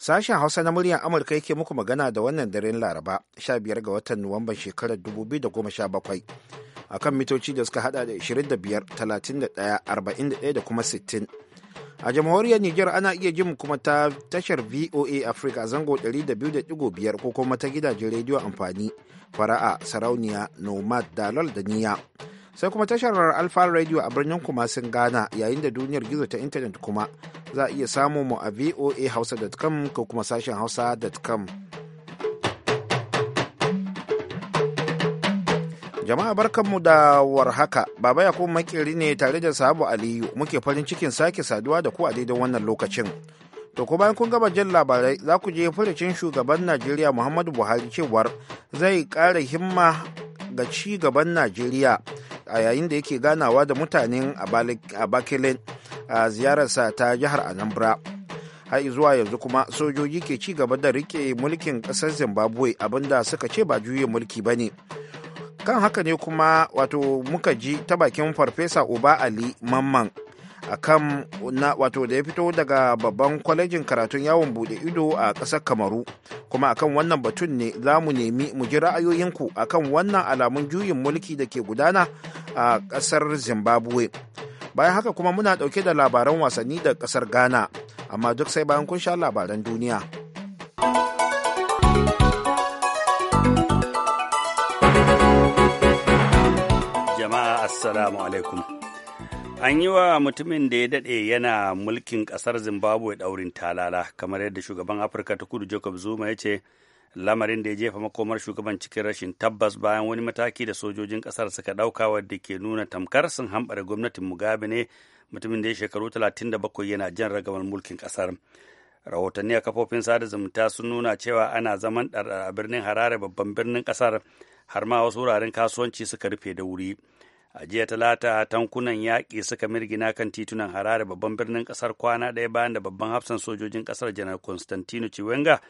Sashen Hausa na muryar Amurka yake muku magana da wannan daren Laraba 15 ga watan Nuwamban shekarar 2017 a kan mitoci da suka hada da 25, 31, 41 da kuma 60. A jamhuriyar Nijar ana iya jin kuma ta tashar VOA Africa zango 200.5 ko kuma ta gidajen rediyo amfani fara'a sarauniya nomad dalal da niya sai kuma tashar alfa radio a birnin kumasin ghana yayin da duniyar gizo ta intanet kuma za a iya samu mu a voa hausa.com ko kuma sashen hausa.com jama'a barkanmu da warhaka baba ya kuma makeri ne tare da sabu aliyu muke farin cikin sake saduwa da ku a daidai wannan lokacin to kuma bayan kun gaba jin labarai za ku je furicin shugaban najeriya muhammadu buhari cewar zai ƙara himma ga ci gaban najeriya a yayin da yake ganawa da mutanen a bakilin a ziyararsa ta jihar anambra har zuwa yanzu kuma sojoji ke ci gaba da rike mulkin ƙasar zimbabwe abinda suka ce ba juyin mulki ba ne kan haka ne kuma wato muka ji ta bakin farfesa uba ali mamman kan na wato da ya fito daga babban kwalejin karatun yawon bude ido a ƙasar kamaru kuma akan wannan batun ne za mu nemi mu ji ra'ayoyinku akan wannan alamun juyin mulki da ke gudana a ƙasar zimbabwe bayan haka kuma muna ɗauke da labaran wasanni da ƙasar ghana amma duk sai bayan kun sha labaran duniya jama'a assalamu alaikum An yi wa mutumin da ya daɗe yana mulkin ƙasar Zimbabwe ɗaurin talala, kamar yadda shugaban Afirka ta kudu Jacob Zuma ya ce, lamarin da ya jefa makomar shugaban cikin rashin tabbas bayan wani mataki da sojojin ƙasar suka ɗauka wadda ke nuna tamkar sun hambare gwamnatin Mugabe ne mutumin da ya shekaru 37 yana jan ragamar mulkin ƙasar. Rahotanni a kafofin sada zumunta sun nuna cewa ana zaman a birnin Harare babban birnin ƙasar har ma wasu wuraren kasuwanci suka rufe da wuri. a jiya talata tankunan yaƙi suka mirgina kan titunan harare babban birnin ƙasar kwana ɗaya bayan da babban hafsan sojojin ƙasar janar constantino chiwenga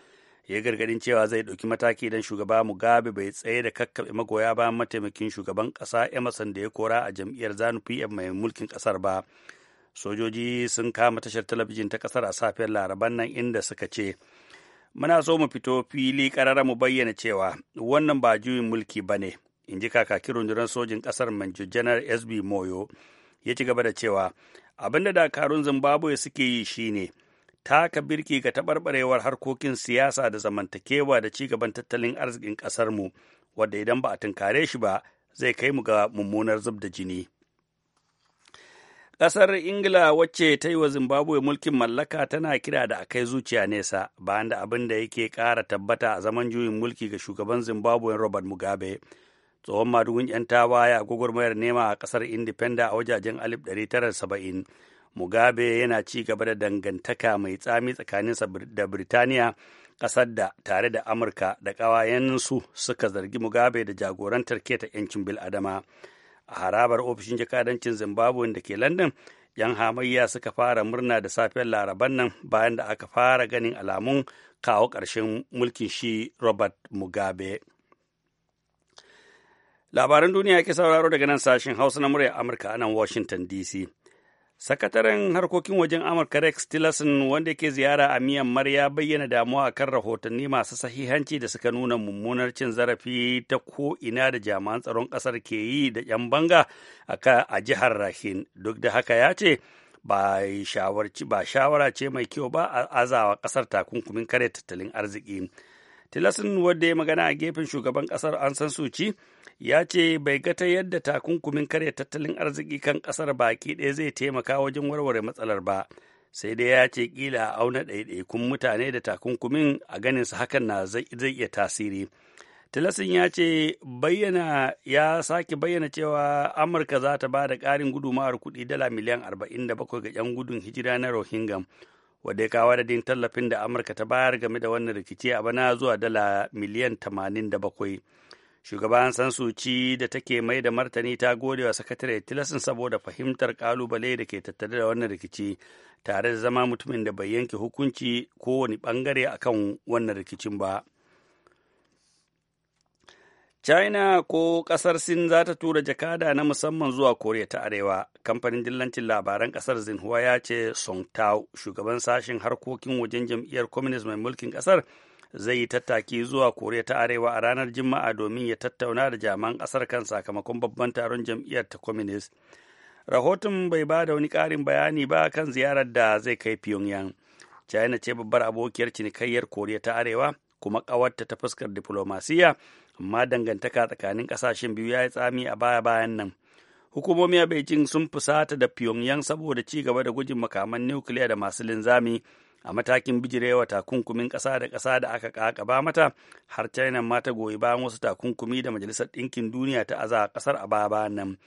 ya gargadin cewa zai ɗauki mataki idan shugaba mugabe bai tsaye da kakkaɓe magoya bayan mataimakin shugaban ƙasa emerson da ya kora a jam'iyyar zanu pf mai mulkin ƙasar ba sojoji sun kama tashar talabijin ta ƙasar a safiyar laraban nan inda suka ce muna so mu fito fili karara mu bayyana cewa wannan ba juyin mulki ba ne in ji kakakin rundunar sojin ƙasar manjo janar sb moyo ya ci gaba da cewa abin da dakarun zimbabwe suke yi shine taka birki ga taɓarɓarewar harkokin siyasa da zamantakewa da ci gaban tattalin arzikin ƙasarmu wadda idan ba a tunkare shi ba zai kai mu ga mummunar zub da jini ƙasar ingila wacce ta yi wa zimbabwe mulkin mallaka tana kira da akai zuciya nesa bayan da abin da yake ƙara tabbata a zaman juyin mulki ga shugaban zimbabwe robert mugabe tsohon madugun 'yan tawaya a gwagwarmayar nema a kasar independa a wajajen 1970 mugabe yana ci gaba da dangantaka mai tsami tsakaninsa da birtaniya kasar da tare da amurka da ƙawayensu suka zargi mugabe da jagorantar keta 'yancin bil'adama a harabar ofishin jakadancin zimbabwe da ke london yan hamayya suka fara murna da safiyar laraban nan bayan da aka fara ganin alamun kawo ƙarshen mulkin shi robert mugabe Labaran duniya ke sauraro daga nan sashen Hausa na murya Amurka a nan Washington DC. Sakataren harkokin wajen Amurka Rex Tillerson wanda ke ziyara a Myanmar ya bayyana damuwa kan rahotanni masu sahihanci da suka nuna mummunar cin zarafi ta ko'ina da jami'an tsaron kasar ke yi da 'yan banga a jihar Rakhine. Duk da haka ya ce ba shawara ce mai kyau ba a azawa kasar takunkumin kare tattalin arziki. Tillerson wanda ya magana a gefen shugaban kasar, an san suci. ya ce bai ga ta yadda takunkumin karya tattalin arziki kan kasar baki ɗaya zai taimaka wajen warware matsalar ba sai dai ya ce kila a auna ɗaiɗaikun mutane da takunkumin a ganin su hakan na zai iya tasiri tilasin ya ce bayyana ya sake bayyana cewa amurka za ta ba da ƙarin gudumawar kuɗi dala miliyan 47 ga 'yan gudun hijira na rohingya wadda ya kawo din tallafin da amurka ta bayar game da wannan rikici a bana zuwa dala miliyan 87 shugaban sansuci da take mai da martani ta gode wa sakatare tilasin saboda fahimtar kalubale da ke tattare da wannan rikici tare da zama mutumin da bai yanke hukunci kowane bangare akan wannan rikicin ba china ko kasar sin za ta tura jakada na musamman zuwa koriya ta arewa kamfanin dillancin labaran kasar xinhua ya ce song tao shugaban sashen harkokin wajen jam'iyyar communist mai mulkin kasar zai yi tattaki zuwa koriya ta arewa a ranar juma'a domin ya tattauna da jaman ƙasar kan sakamakon babban taron jam'iyyar ta communist rahoton bai ba da wani ƙarin bayani ba kan ziyarar da zai kai pyongyang china ce babbar abokiyar cinikayyar koriya ta arewa kuma ƙawarta ta fuskar diflomasiya amma dangantaka tsakanin ƙasashen biyu ya yi tsami a baya bayan nan hukumomi a beijing sun fusata da pyongyang saboda ci gaba da gujin makaman nukiliya da masu linzami a matakin bijirewa takunkumin ƙasa da ƙasa da aka ƙaƙaba mata har china ma ta goyi bayan wasu takunkumi da majalisar ɗinkin duniya ta aza ƙasar a baya nan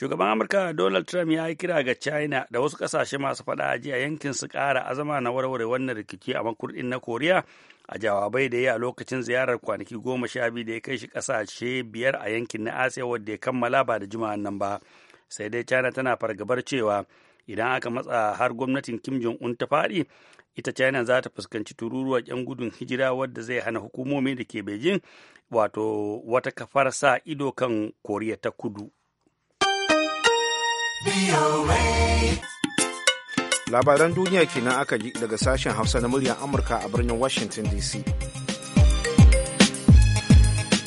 shugaban amurka donald trump ya yi kira ga china da wasu ƙasashe masu faɗa a yankin su ƙara azama na warware wannan rikici a makurɗin na koriya a jawabai da ya a lokacin ziyarar kwanaki goma sha biyu da ya kai shi ƙasashe biyar a yankin na asiya wadda ya kammala ba da juma'an nan ba sai dai china tana fargabar cewa idan aka matsa har gwamnatin kim jong un ta faɗi ita china za ta fuskanci tururuwar 'yan gudun hijira wadda zai hana hukumomi da ke beijing wato wata kafar sa ido kan koriya ta kudu labaran duniya kenan aka ji daga sashen hausa na muryar amurka a birnin washington dc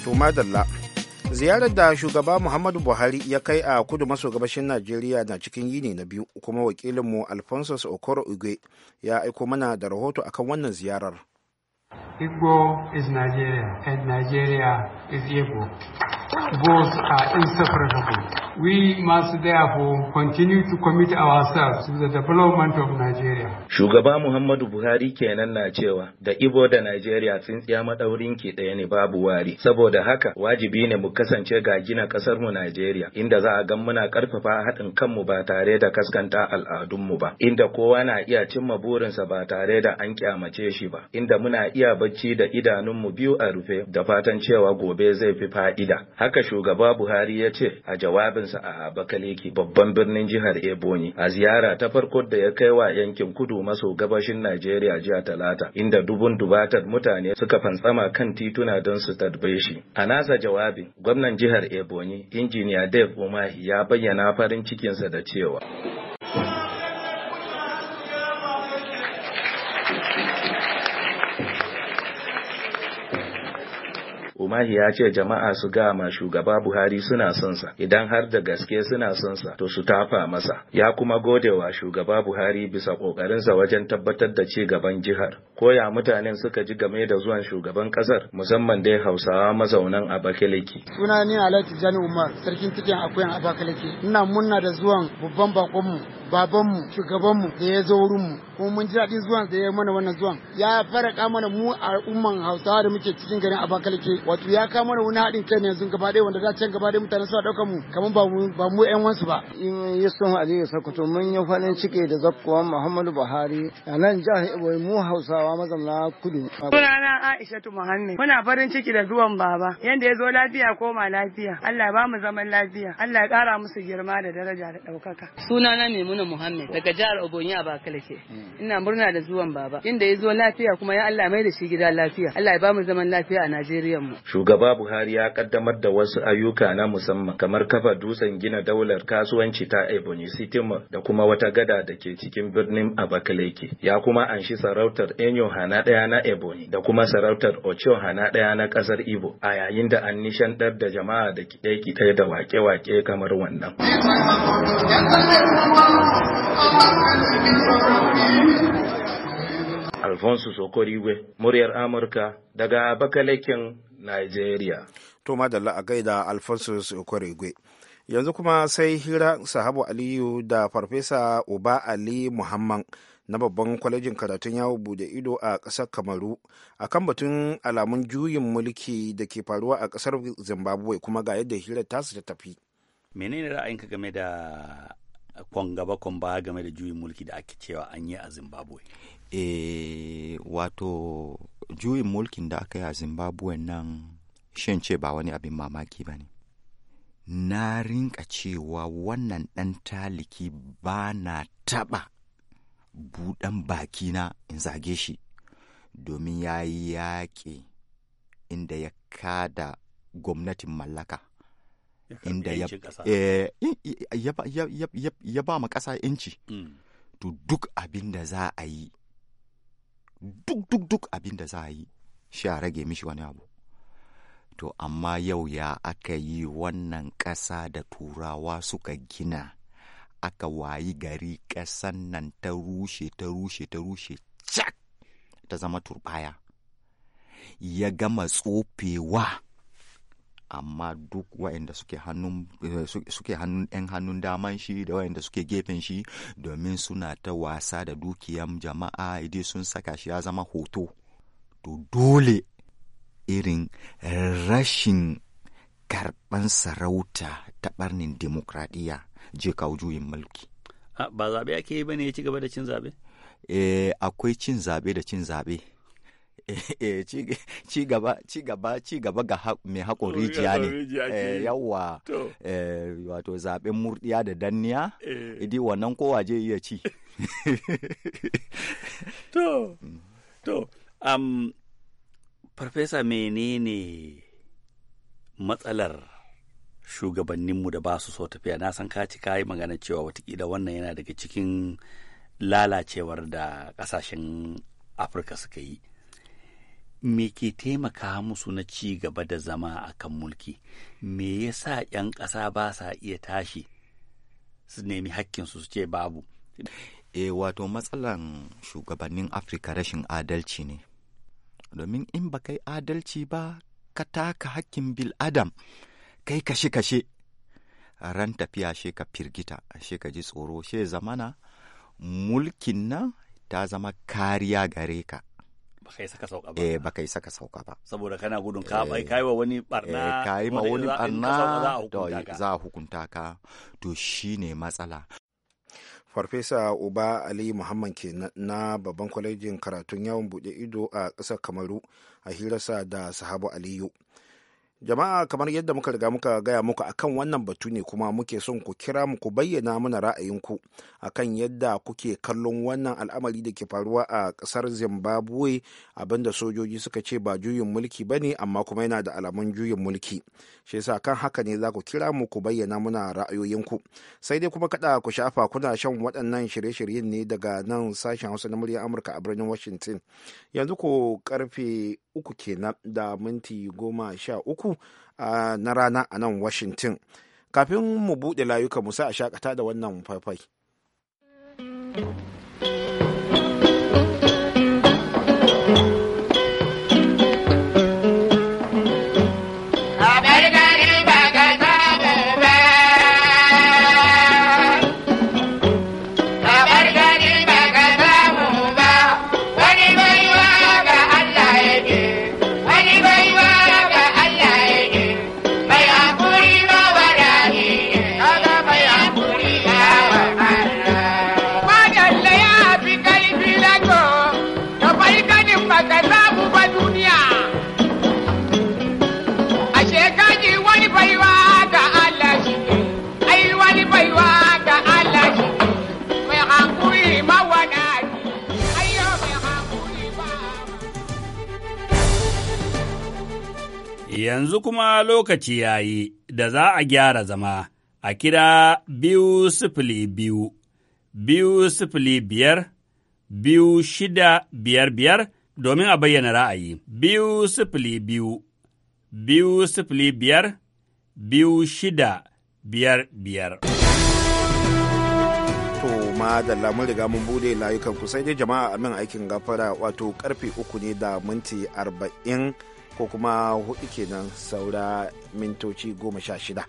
to madalla ziyarar da shugaba muhammadu buhari ya kai a kudu maso gabashin najeriya na cikin yini na biyu kuma wakilinmu alphonsus okoro igwe ya aiko mana da rahoto akan wannan ziyarar igbo is nigeria and nigeria is igbo goals are inseparable. We must therefore continue to commit ourselves to the development of Nigeria. Shugaba Muhammadu Buhari kenan na cewa da Ibo da Nigeria tsintsiya maɗaurin ki ɗaya ne babu wari. Saboda haka wajibi ne mu kasance ga gina ƙasar mu Nigeria inda za a gan muna karfafa haɗin kanmu ba tare da kaskanta al'adunmu ba. Inda kowa na iya cimma burinsa ba tare da an kyamace shi ba. Inda muna iya bacci da idanunmu biyu a rufe da fatan cewa gobe zai fi fa'ida. Haka shugaba Buhari ya ce a jawabinsa a Abakaleki babban birnin jihar Ebonyi a ziyara ta farko da ya kai wa yankin kudu maso gabashin Najeriya jiya Talata inda dubun dubatar mutane suka fantsama kan tituna don su tarbe shi. A nasa jawabin gwamnan jihar Ebonyi injiniya Dave Umahi ya bayyana farin cikinsa da cewa. Umahi ya ce jama'a su gama shugaba Buhari suna son sa idan har da gaske suna son sa to su tafa masa ya kuma godewa shugaba Buhari bisa kokarinsa wajen tabbatar da ci gaban jihar koya mutanen suka ji game da zuwan shugaban kasar musamman dai Hausawa mazaunan Abakaliki suna ni Alhaji Jani Umar sarkin cikin akuyan Abakaliki ina munna da zuwan babban bakonmu babanmu shugabanmu da ya zo wurinmu kuma mun ji daɗin zuwan da ya mana wannan zuwan ya faraka mana mu al'umman Hausawa da muke cikin garin Abakaliki wato ya kama da wani haɗin kai ne yanzu gaba ɗaya wanda da can gaba ɗaya mutane suna ɗaukar mu kamar ba mu ba mu ƴan wasu ba. in yi son sa sokoto mun yi farin ciki da zakkuwa muhammadu buhari a nan jihar ibo mu hausawa mazauna kudu. Suna na aisha muhammad muna farin ciki da zuwan baba yanda ya zo lafiya koma lafiya allah ba mu zaman lafiya allah ya ƙara musu girma da daraja da ɗaukaka. Suna ne maimuna muhammad daga jihar ba a bakalake ina murna da zuwan baba inda ya zo lafiya kuma ya allah mai da shi gida lafiya allah ya ba mu zaman lafiya a najeriya mu. shugaba buhari ya kaddamar da wasu ayyuka na musamman kamar kafa dutsen gina daular kasuwanci ta ebonyi city Mall, da kuma wata gada da ke cikin birnin abakaleke ya kuma anshi sarautar enyo hana daya na ebonyi da kuma sarautar ocho hana daya na kasar ibo a yayin da an nishantar da jama'a da kiɗe-kiɗe da wake-wake kamar wannan Alfonso Sokorigwe, muryar Amurka daga Bakalekin Nigeria. To madalla a gaida Alphonsus Okwerigwe. Yanzu kuma sai hira sahabu Aliyu da Farfesa Uba Ali Muhammad na babban kwalejin karatun yawo bude ido a ƙasar Kamaru a kan batun alamun juyin mulki da ke faruwa a ƙasar Zimbabwe kuma ga yadda hira tasu ta tafi. Menene ra'ayinka game da kwan gaba kwan game da juyin mulki da ake cewa an yi a Zimbabwe? Eh, wato juyin mulkin da aka yi a zimbabwe nan shan ce ba wani abin mamaki ba ne na rinka cewa wannan ɗan taliki ba na taɓa buɗan bakina in zage shi domin ya yi yaƙi inda ya kada gwamnatin mallaka inda eh, ya ba ma ƙasa 'yanci mm. to duk abin da za a yi duk duk duk abin da za a yi shi a rage mishi wani abu to amma yau ya aka yi wannan ƙasa da turawa suka gina aka wayi gari ƙasan nan ta rushe ta rushe ta rushe cak ta zama turbaya ya gama tsofewa amma duk waɗanda eh, suke hannun yan hannun daman shi da waɗanda suke gefen shi domin suna ta wasa da dukiyan jama'a idan sun saka shi ya zama hoto to dole irin rashin karɓan sarauta ta ɓarnin demokradiyya je kawo juyin mulki ba zaɓe ake yi ba ne ya ci gaba da cin zaɓe? Eh, akwai cin zaɓe da cin zaɓe Eh, ci gaba ci gaba ga mai haƙon rijiya ne yawa eh, eh, wato zaɓen murɗiya da danniya idi wannan kowa je iya ci to to um, farfesa menene matsalar shugabanninmu da ba su so tafiya na san ka ci kayi magana cewa watakila wannan yana daga cikin lalacewar da kasashen afirka suka yi me ke taimaka musu na ci gaba da zama a kan mulki me yasa 'yan ƙasa ba sa iya tashi su nemi hakkinsu su ce babu e wato matsalan shugabannin afirka rashin adalci ne domin in ba kai adalci ba ka taka hakkin bil adam kai kashe-kashe ran tafiya she ka firgita she ka ji tsoro she zamana mulkin nan ta zama kariya gare ka baka yi saka sauka ba eh baka yi saka sauka ba saboda kana gudun ka eh, bai kai wa wani barna eh kai ma wani barna za a hukunta ka to shine matsala farfesa uba ali muhammad ke na babban kwalejin karatun yawon bude ido a ƙasar kamaru a hirarsa da sahabu aliyu jama'a kamar yadda muka riga muka gaya muku akan wannan batu ne kuma muke son ku kira mu ku bayyana mana ra'ayinku akan yadda kuke kallon wannan al'amari da ke faruwa a ƙasar zimbabwe abinda sojoji suka ce ba juyin mulki ba ne amma kuma yana da alamun juyin mulki shi yasa kan haka ne za ku kira mu ku bayyana mana ra'ayoyinku sai dai kuma kada ku shafa kuna shan waɗannan shirye-shiryen ne daga nan sashen hausa na muryar amurka a birnin washington yanzu ko karfe uku kenan da minti goma sha uku uku na rana a nan Washington. Kafin mu buɗe layuka musa a shakata da wannan faifai. yanzu kuma lokaci ya yi da za a gyara zama a kira biyu sifili biyu, biyu sifili biyar, biyu shida biyar biyar domin a bayyana ra'ayi. Biyu sifili biyu, biyu sifili biyar, biyu shida biyar biyar. ma da lamun riga mun bude layukan ku sai dai jama'a amin aikin gafara wato karfe uku ne da minti arba'in ko kuma hudu kenan saura mintoci goma sha shida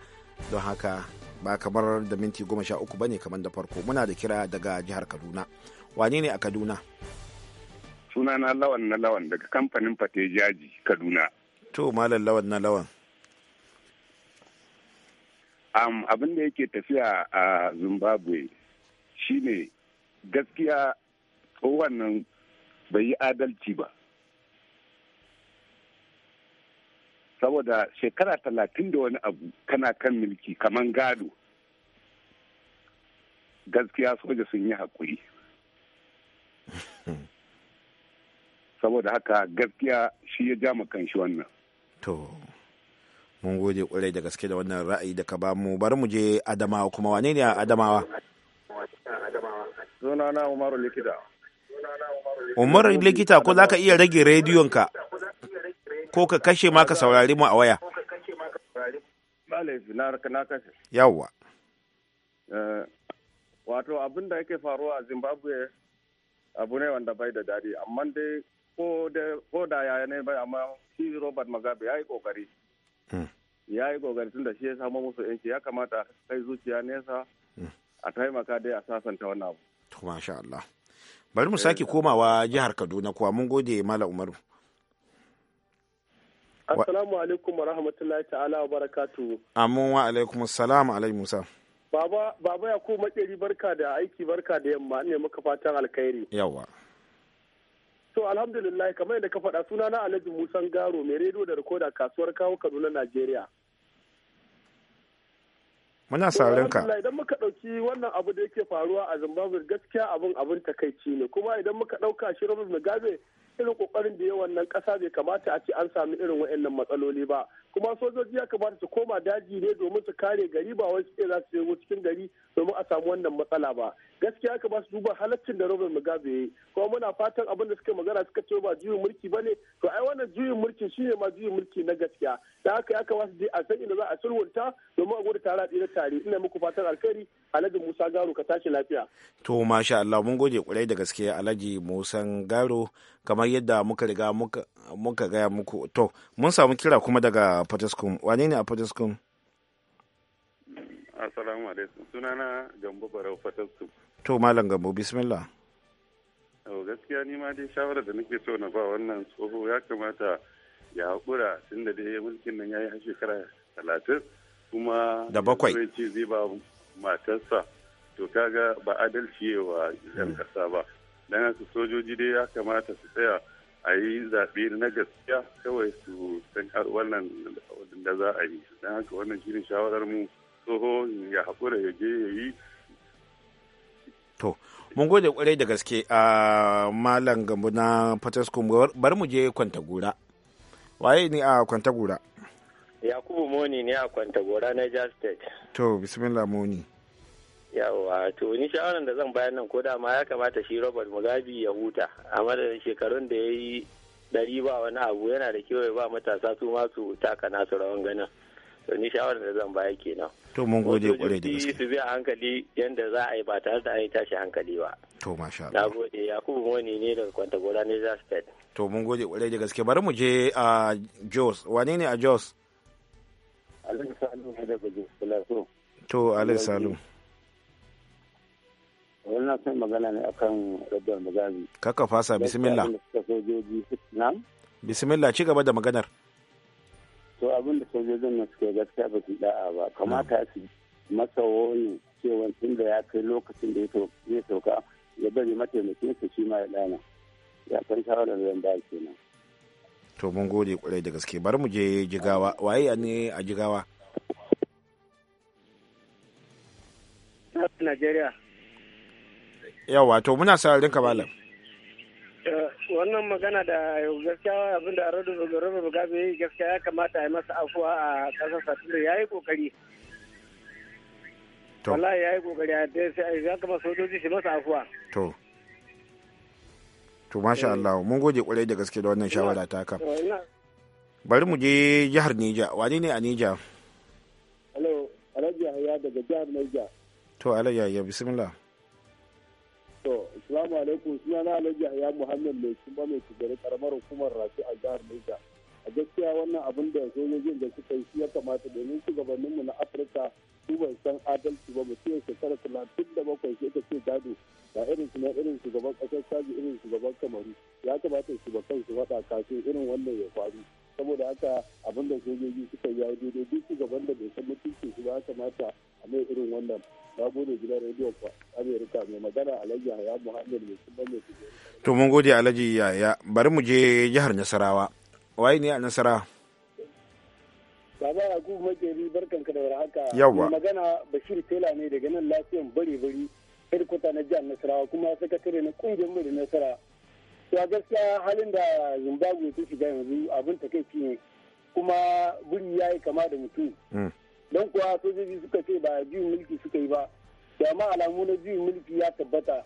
don haka ba kamar da minti goma sha uku bane kamar da farko muna da kira daga jihar kaduna wane ne a kaduna suna na lawan na lawan daga kamfanin fate jaji kaduna to malam lawan na lawan um, abin da yake tafiya a uh, zimbabwe shine gaskiya tsohon nan bai yi adalci ba saboda shekara talatin da wani abu kana kan milki kaman gado gaskiya soja sun yi haƙuri saboda haka gaskiya shi ya ja kan shi wannan to mun gode kwarai da gaske da wannan ra'ayi da ka ba mu bari mu je adamawa kuma wane ne adamawa Umar likita umaru likita ko za ka iya rage rediyonka ko ka kashe ma ka saurari mu a waya ba na kashe yawwa eh, wato abin da yake faruwa a zimbabwe abu ne wanda bai da daɗi amma dai ko da yaya ne bai amma shi robert mugabe ya yi kokari hmm. ya yi kokari tun da shi ya samu musu yanci ya kamata kai zuciya nesa hmm. a taimaka dai a sasanta wannan abu Tuma masha Allah bari mu sake eh. komawa jihar Kaduna kuwa mun gode Malam Umaru Assalamu alaikum wa rahmatullahi ta'ala wa barakatu. Amin wa alaikum salam alai Musa. Baba ya ku makeri barka da aiki barka da yamma ne maka fatan alkhairi. Yawwa. So alhamdulillah kamar yadda ka faɗa suna na Alhaji Musa Garo mai rediyo da rikoda kasuwar kawo Kaduna Najeriya. Muna sauran ka. Idan muka ɗauki wannan abu da yake faruwa a Zimbabwe gaskiya abin abin takaici ne kuma idan muka ɗauka shi Robert Mugabe irin kokarin da yawan nan kasa bai kamata a ce an sami irin wa'annan matsaloli ba kuma sojoji ya kamata su koma daji ne domin su kare gari ba wai suke za su shigo cikin gari domin a samu wannan matsala ba gaskiya ka kamata su duba halaccin da Robert Mugabe yayi kuma muna fatan abin da suka magana suka ce ba juyin mulki ba ne to ai wannan juyin mulki shine ma juyin mulki na gaskiya da haka ya kamata je a san inda za a sulhunta domin a gudu tare a tare ina muku fatan alkhairi Alhaji Musa Garo ka tashi lafiya to masha Allah mun gode kurai da gaske Alhaji Musa Garo kamar yadda muka riga muka gaya muku to mun samu kira kuma daga fataskum wane ne a fataskum assalamu alaikum sunana gambo barau fataskum to malam gambo bismillah to gaskiya ni ma dai shawarar da nake so na ba wannan tsoho ya kamata ya haƙura tun da dai mulkin nan ya yi shekara talatin kuma da bakwai zai ba matarsa to kaga ba adalci wa 'yan kasa ba don haka sojoji dai ya kamata su tsaya a yi zaɓe na gaskiya kawai su san wannan da za a yi don haka wannan shirin shawarar mu tsoho ya haƙura ya je ya yi to mun gode kwarai da gaske a malam gambo na fataskum bar mu je gura waye ne a gura yakubu moni ne a gura na state to bismillah moni yawa to ni shawaran da zan bayan nan ko da ma ya kamata shi robert mugabe ya huta a madadin shekarun da ya yi dari ba wani abu yana da kyau ya ba matasa su ma su taka nasu rawan ganin to ni shawaran da zan baya kenan to mun gode kwarai da gaske su bi a hankali yanda za a yi ba tare da an yi tashi hankali ba to masha Allah nagode yakubu wani ne daga gora ne za state to mun gode kwarai da gaske bari mu je a jos wane ne a jos alhaji salu ne to alhaji wannan na son magana ne akan rabuwar magazi kaka fasa bismillah bismillah ci gaba da maganar to abin da sojojin nan suke gaskiya ba su da'a ba kamata su masa wani cewa tun da ya kai lokacin da ya sauka ya bari mataimakin su shi ma ya dana ya san shawarar zan ke kenan to mun gode kwarai da gaske bari mu je jigawa waye ne a jigawa Najeriya yawa to muna sararin ka malam eh, wannan magana da gaskiya abin da aradu robert mugabe yi gaskiya ya kamata ya masa afuwa a kasar satire ya yi kokari to wallahi ya yi kokari a dai sai ya kama sojoji shi masa afuwa to to masha eh. Allah mun gode kwarai da gaske da wannan shawara ta ka bari mu je jihar Neja wani ne a Neja Hello Alhaji ya daga jihar Neja to Alhaji ya bismillah To, Islamu alaikum suna na Alhaji Aya Muhammad mai kuma mai shugari karamar hukumar Rafi a jihar Niger. A gaskiya wannan abin da sojojin da suka yi ya kamata domin shugabanninmu na Afirka su ban san adalci ba mutum ya shekara talatin da bakwai sai ka ce gado ga irin su na irin shugaban ƙasar Saji irin shugaban Kamaru ya kamata su kansu faɗa kafin irin wannan ya faru. saboda haka abin da sojoji suka yi daidai duk su gaban da bai san mutuncin su ba kamata a mai irin wannan na gode gidan rediyon amerika mai magana alhaji ya muhammad mai sun kuma mai to mun gode alhaji ya bari mu je jihar nasarawa waye ne a nasarawa Baba Yakubu Makeri barkan ka da warhaka. Yawwa. magana Bashir Tela ne daga nan lafiyan bari bari. Hedkwata na jihar Nasarawa kuma sakatare na kungiyar mai Nasarawa. ya gaskiya halin da zimbabwe ta shiga yanzu abin takaici ne kuma guri ya yi kama da mutum mm. don kuwa sojoji suka ce ba juyin mulki suka yi ba da ma alamu na juyin mulki ya tabbata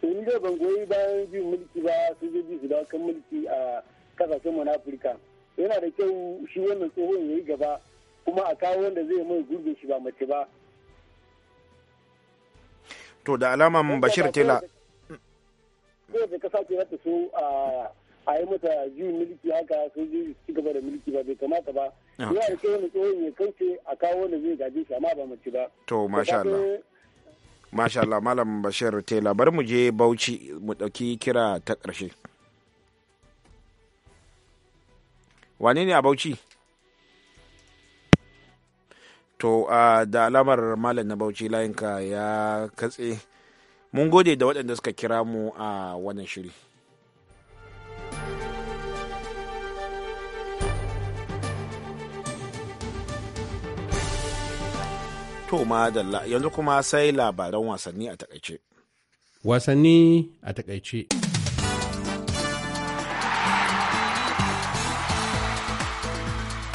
to ni da ban goyi bayan juyin mulki ba sojoji su dawo kan mulki a kasashenmu na afirka yana da kyau shi wannan tsohon ya yi gaba kuma a kawo wanda zai mai gurbin shi ba mace ba to da mun bashir tela kawai kowace kasa ce rata so a yi mata juyin miliki haka su sojoji su gaba da miliki ba bai kamata ba ah, ya yi kai wani tsohon ya kauce a kawo wanda zai gaje shi amma ba mace ba to masha Allah masha Allah malam Bashir Tela bar mu je Bauchi mu dauki kira ta karshe wane ne a Bauchi to da alamar malam na Bauchi layinka ya katse mun gode da waɗanda suka kira mu a wannan shiri to madalla yanzu kuma sai labaran wasanni a takaice wasanni a takaice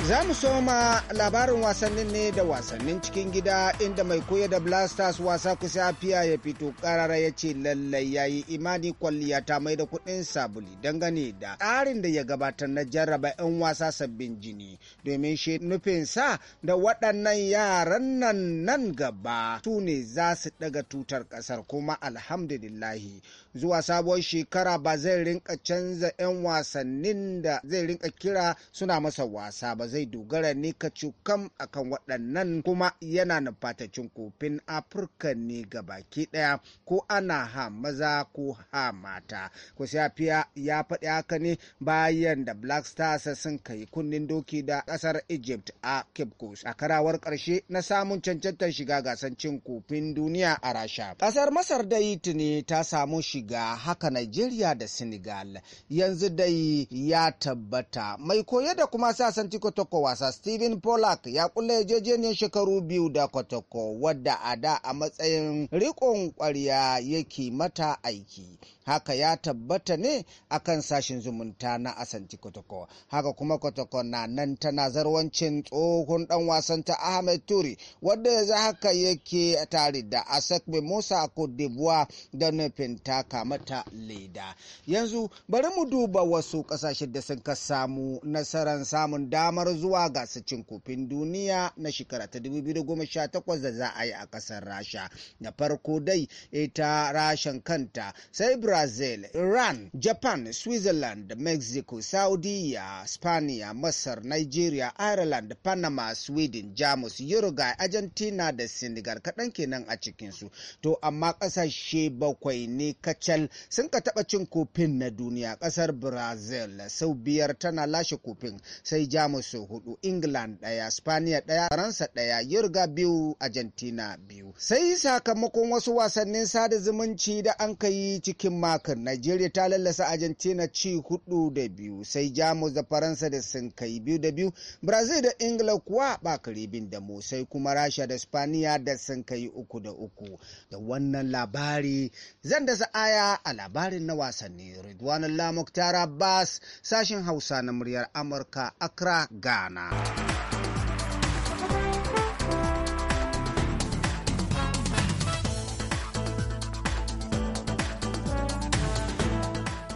Za mu soma labarin wasannin ne da wasannin cikin gida inda mai koya da Blasters wasa kusa fiya ya fito karara ya ce lallai ya yi imani kwalliya ta mai da kuɗin sabuli dangane da tsarin da ya gabata na jarraba 'yan wasa sabbin jini domin shi nufinsa da waɗannan yaran nan nan gaba su ne za su ɗaga tutar ƙasar kuma alhamdulillahi zuwa sabuwar shekara ba zai rinka canza 'yan wasannin da zai rinka kira suna masa wasa ba zai dogara ne ka cukam akan waɗannan kuma yana nufatacin kofin afirka ne ga baki ɗaya ko ana ha maza ko ha mata kusafiya ya faɗi haka ne bayan da black stars sun kai kunnen doki da ƙasar egypt a cape coast a karawar ƙarshe na samun cancantar shiga gasar cin kofin duniya a rasha ƙasar masar da tuni ta samu shi shiga haka Najeriya da Senegal. Yanzu dai ya tabbata. Mai koye da kuma sasan tikotoko wasa Steven Pollack ya kula yajejeniyar shekaru biyu da kotoko wadda a da a matsayin rikon kwarya yake mata aiki. Haka ya tabbata ne a kan sashen zumunta na Asanti Kotoko. Haka kuma Kotoko na nan tana zarwancin tsohon dan ta Ahmed Turi wadda yanzu haka yake tare da Asak Musa Cote d'Ivoire da nufin saka mata leda yanzu bari mu duba wasu kasashe da sun ka samu nasarar samun damar zuwa gasar cin kofin duniya na shekara ta 2018 da za a yi a kasar rasha na farko dai ita rashin kanta sai brazil iran japan switzerland mexico saudiya spania masar nigeria ireland panama sweden jamus uruguay argentina da senegal kaɗan kenan a cikinsu to amma ƙasashe bakwai ne ka kacal sun ka taɓa cin kofin na duniya ƙasar brazil sau biyar tana lashe kofin sai jamus hudu england ɗaya spaniya ɗaya faransa ɗaya yurga biyu argentina biyu sai sakamakon wasu wasannin sada zumunci da an ka yi cikin makon nigeria ta lallasa argentina ci hudu da biyu sai jamus da faransa da sun kai biyu da biyu brazil da england kuwa ba karibin da mu sai kuma rasha da spaniya da sun kai uku da uku da wannan labari zan da sa'a baya a labarin na wasanni Ridwan Allah Muktar Abbas sashen Hausa na muryar Amurka Accra Ghana.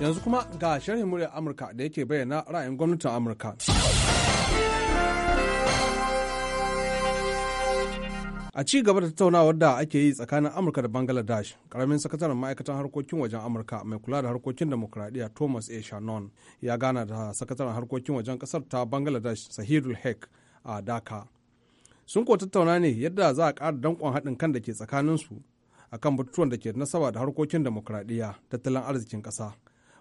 Yanzu kuma ga sharhin muryar Amurka da yake bayyana ra'ayin gwamnatin Amurka. a ci gaba da tattaunawar da ake yi tsakanin amurka da bangladesh karamin sakataren ma'aikatan harkokin wajen amurka mai kula da harkokin demokuraɗiyya thomas a shannon ya gana da sakataren harkokin wajen ƙasar ta bangladesh sahidul hek a dhaka sun ko tattauna ne yadda za a ƙara danƙon haɗin kan da ke tsakanin tsakaninsu akan batutuwan da ke nasaba da harkokin demokuraɗiyya tattalin arzikin ƙasa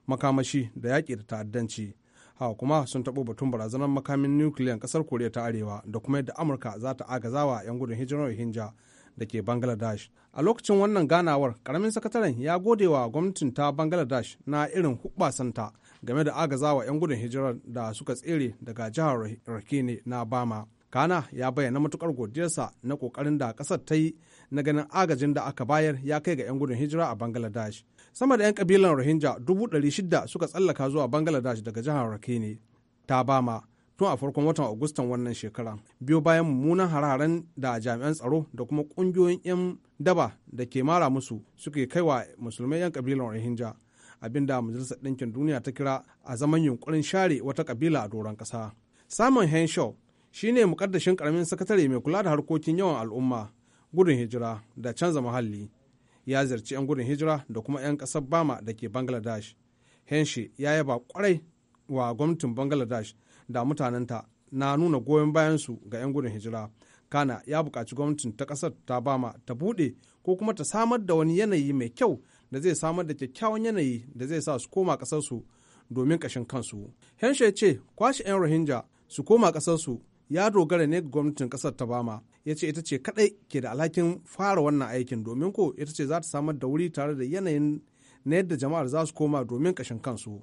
makamashi da yaƙi da ta'addanci haka kuma sun taɓo batun barazanar makamin nukiliyan ƙasar koriya ta arewa da kuma yadda amurka za ta agazawa 'yan gudun hijirar rohingya da ke bangladesh a lokacin wannan ganawar karamin sakataren ya gode wa gwamnatin ta bangladesh na irin hubbasanta game da agazawa 'yan gudun hijirar da suka tsere daga jihar rakini na bama kana ya bayyana matukar godiyarsa na kokarin da ƙasar ta yi na ganin agajin da aka bayar ya kai ga 'yan gudun hijira a bangladesh sama da 'yan kabilan rohingya 600 suka tsallaka zuwa bangladesh daga jihar rakini ta bama tun a farkon watan agustan wannan shekara biyo bayan mummunan hararen da jami'an tsaro da kuma kungiyoyin 'yan daba da ke mara musu suke wa musulmai 'yan kabilan rohingya abinda majalisar ɗinkin duniya ta kira a zaman yunkurin share wata kabila a doron ƙasa simon henshaw shine mukaddashin karamin sakatare mai kula da harkokin yawan al'umma gudun hijira da canza muhalli ya ziyarci 'yan gudun hijira da kuma 'yan ƙasar bama da ke bangladesh henshi ya yaba kwarai wa gwamnatin bangladesh da mutanenta na nuna goyon bayansu ga 'yan gudun hijira kana ya buƙaci gwamnatin ta kasar ta bama ta buɗe ko kuma ta samar da wani yanayi mai kyau da zai samar da kyakkyawan yanayi da zai sa su koma ƙasarsu domin kashin kansu henshe ce kwashe 'yan rohingya su koma ƙasarsu ya dogara ne ga gwamnatin kasar ta bama ya ce ita ce kadai ke da alhakin fara wannan aikin domin ko ita ce za ta samar da wuri tare da yanayin na yadda jama'ar za su koma domin kashin kansu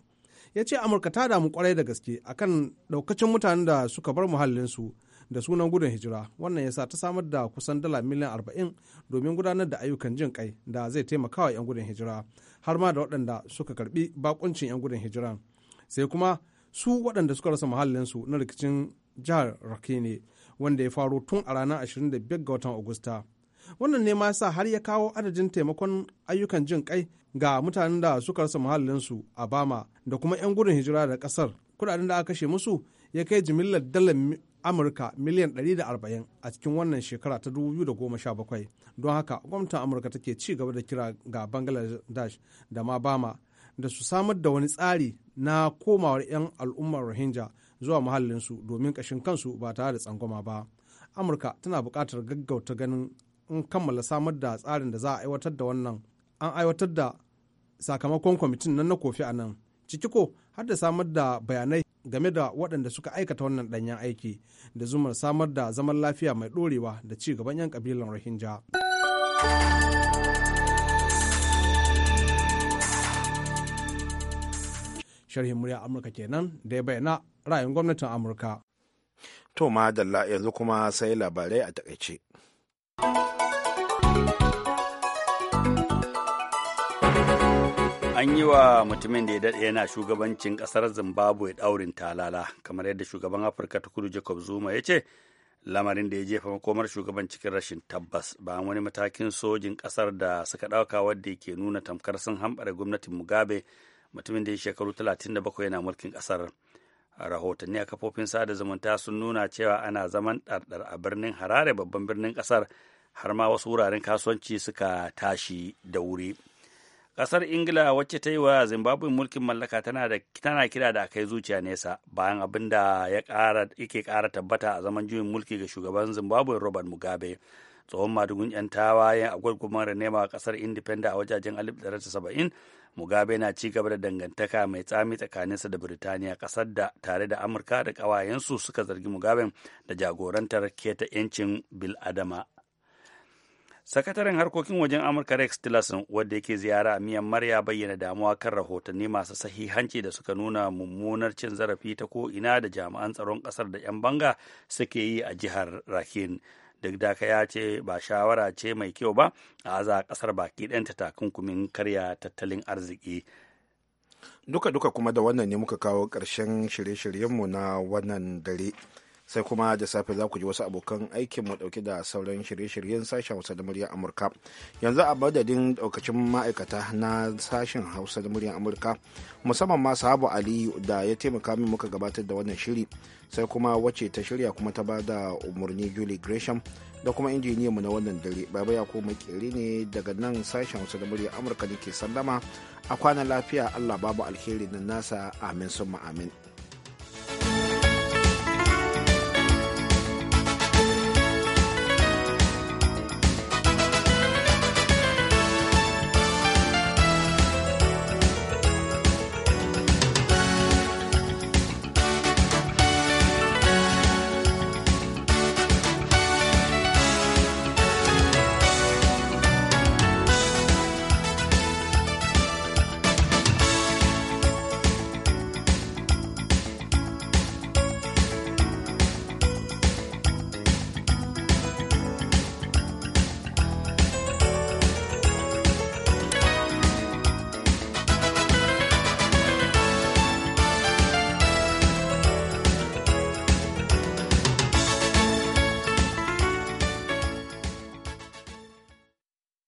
ya ce amurka ta damu kwarai da gaske akan daukacin mutanen da suka bar muhallinsu da sunan gudun hijira wannan ya sa ta samar da kusan dala miliyan arba'in domin gudanar da ayyukan jin kai da zai taimaka wa 'yan gudun hijira har ma da waɗanda suka karbi bakuncin 'yan gudun hijiran sai kuma su waɗanda suka rasa muhallinsu na rikicin jihar Rakhine wanda ya faru tun a ranar 25 ga watan Agusta. Wannan ne ma sa har ya kawo adadin taimakon ayyukan jin kai ga mutanen da suka rasa muhallinsu a Bama da kuma 'yan gudun hijira da kasar. Kudaden da aka kashe musu ya kai jimillar dalar Amurka miliyan 140 a cikin wannan shekara ta 2017. Don haka gwamnatin Amurka take ci gaba da kira ga Bangladesh da ma Bama da su samar da wani tsari na komawar 'yan al'ummar Rohingya zuwa muhallinsu domin ƙashin kansu ba tare da tsangwama ba amurka tana buƙatar gaggauta ganin in kammala samar da tsarin da za a aiwatar da wannan an aiwatar da sakamakon kwamitin nan na kofi a nan ciki ko har da samar da bayanai game da waɗanda suka aikata wannan ɗanyen aiki da zumar samar da zaman lafiya mai ɗorewa da ci gaban 'yan ƙabilan rohingya. sharhin murya amurka kenan da ya bayyana ra'ayin gwamnatin amurka to madalla yanzu kuma sai labarai a takaice an yi wa mutumin da ya daɗe yana shugabancin kasar zimbabwe ɗaurin talala kamar yadda shugaban afirka ta kudu jacob zuma ya ce lamarin da ya jefa makomar shugaban cikin rashin tabbas bayan wani matakin sojin kasar da suka ɗauka wadda ke nuna tamkar sun hambara gwamnatin mugabe mutumin da ya shekaru 37 yana mulkin kasar rahotanni a kafofin sada zumunta sun nuna cewa ana zaman ɗarɗar a birnin harare babban birnin kasar har ma wasu wuraren kasuwanci suka tashi da wuri ƙasar ingila wacce ta yi wa zimbabwe mulkin mallaka tana tana kira da kai zuciya nesa bayan abin da yake ƙara tabbata a zaman juyin mulki ga shugaban zimbabwe robert mugabe tsohon madugun 'yan tawayen a gwagwamar nema kasar independent a wajajen 1970 mugabe na ci gaba da dangantaka mai tsami tsakaninsa da birtaniya kasar da tare da amurka da kawayensu suka zargi mugabe da jagorantar keta 'yancin bil adama sakataren harkokin wajen amurka rex tillerson wadda yake ziyara a myanmar ya bayyana damuwa kan rahotanni masu sahihanci da suka nuna mummunar cin zarafi ta ko ina da jami'an tsaron kasar da 'yan banga suke yi a jihar rakhine duk da ya ce ba shawara ce mai kyau ba a za kasar baki ɗanta takunkumin karya tattalin arziki duka-duka kuma da wannan ne muka kawo ƙarshen shirye-shiryenmu na wannan dare sai kuma da safe za ku ji wasu abokan aikin mu dauke da sauran shirye-shiryen sashen hausa da muryar amurka yanzu a madadin daukacin ma'aikata na sashen hausa da muryar amurka musamman ma sahabu Ali da ya taimaka min muka gabatar da wannan shiri sai kuma wacce ta shirya kuma ta bada umarni julie gresham da kuma injiniyan mu na wannan dare babaya ko koma ne daga nan sashen hausa da muryar amurka da ke sallama a kwana lafiya allah babu alheri na nasa amin summa amin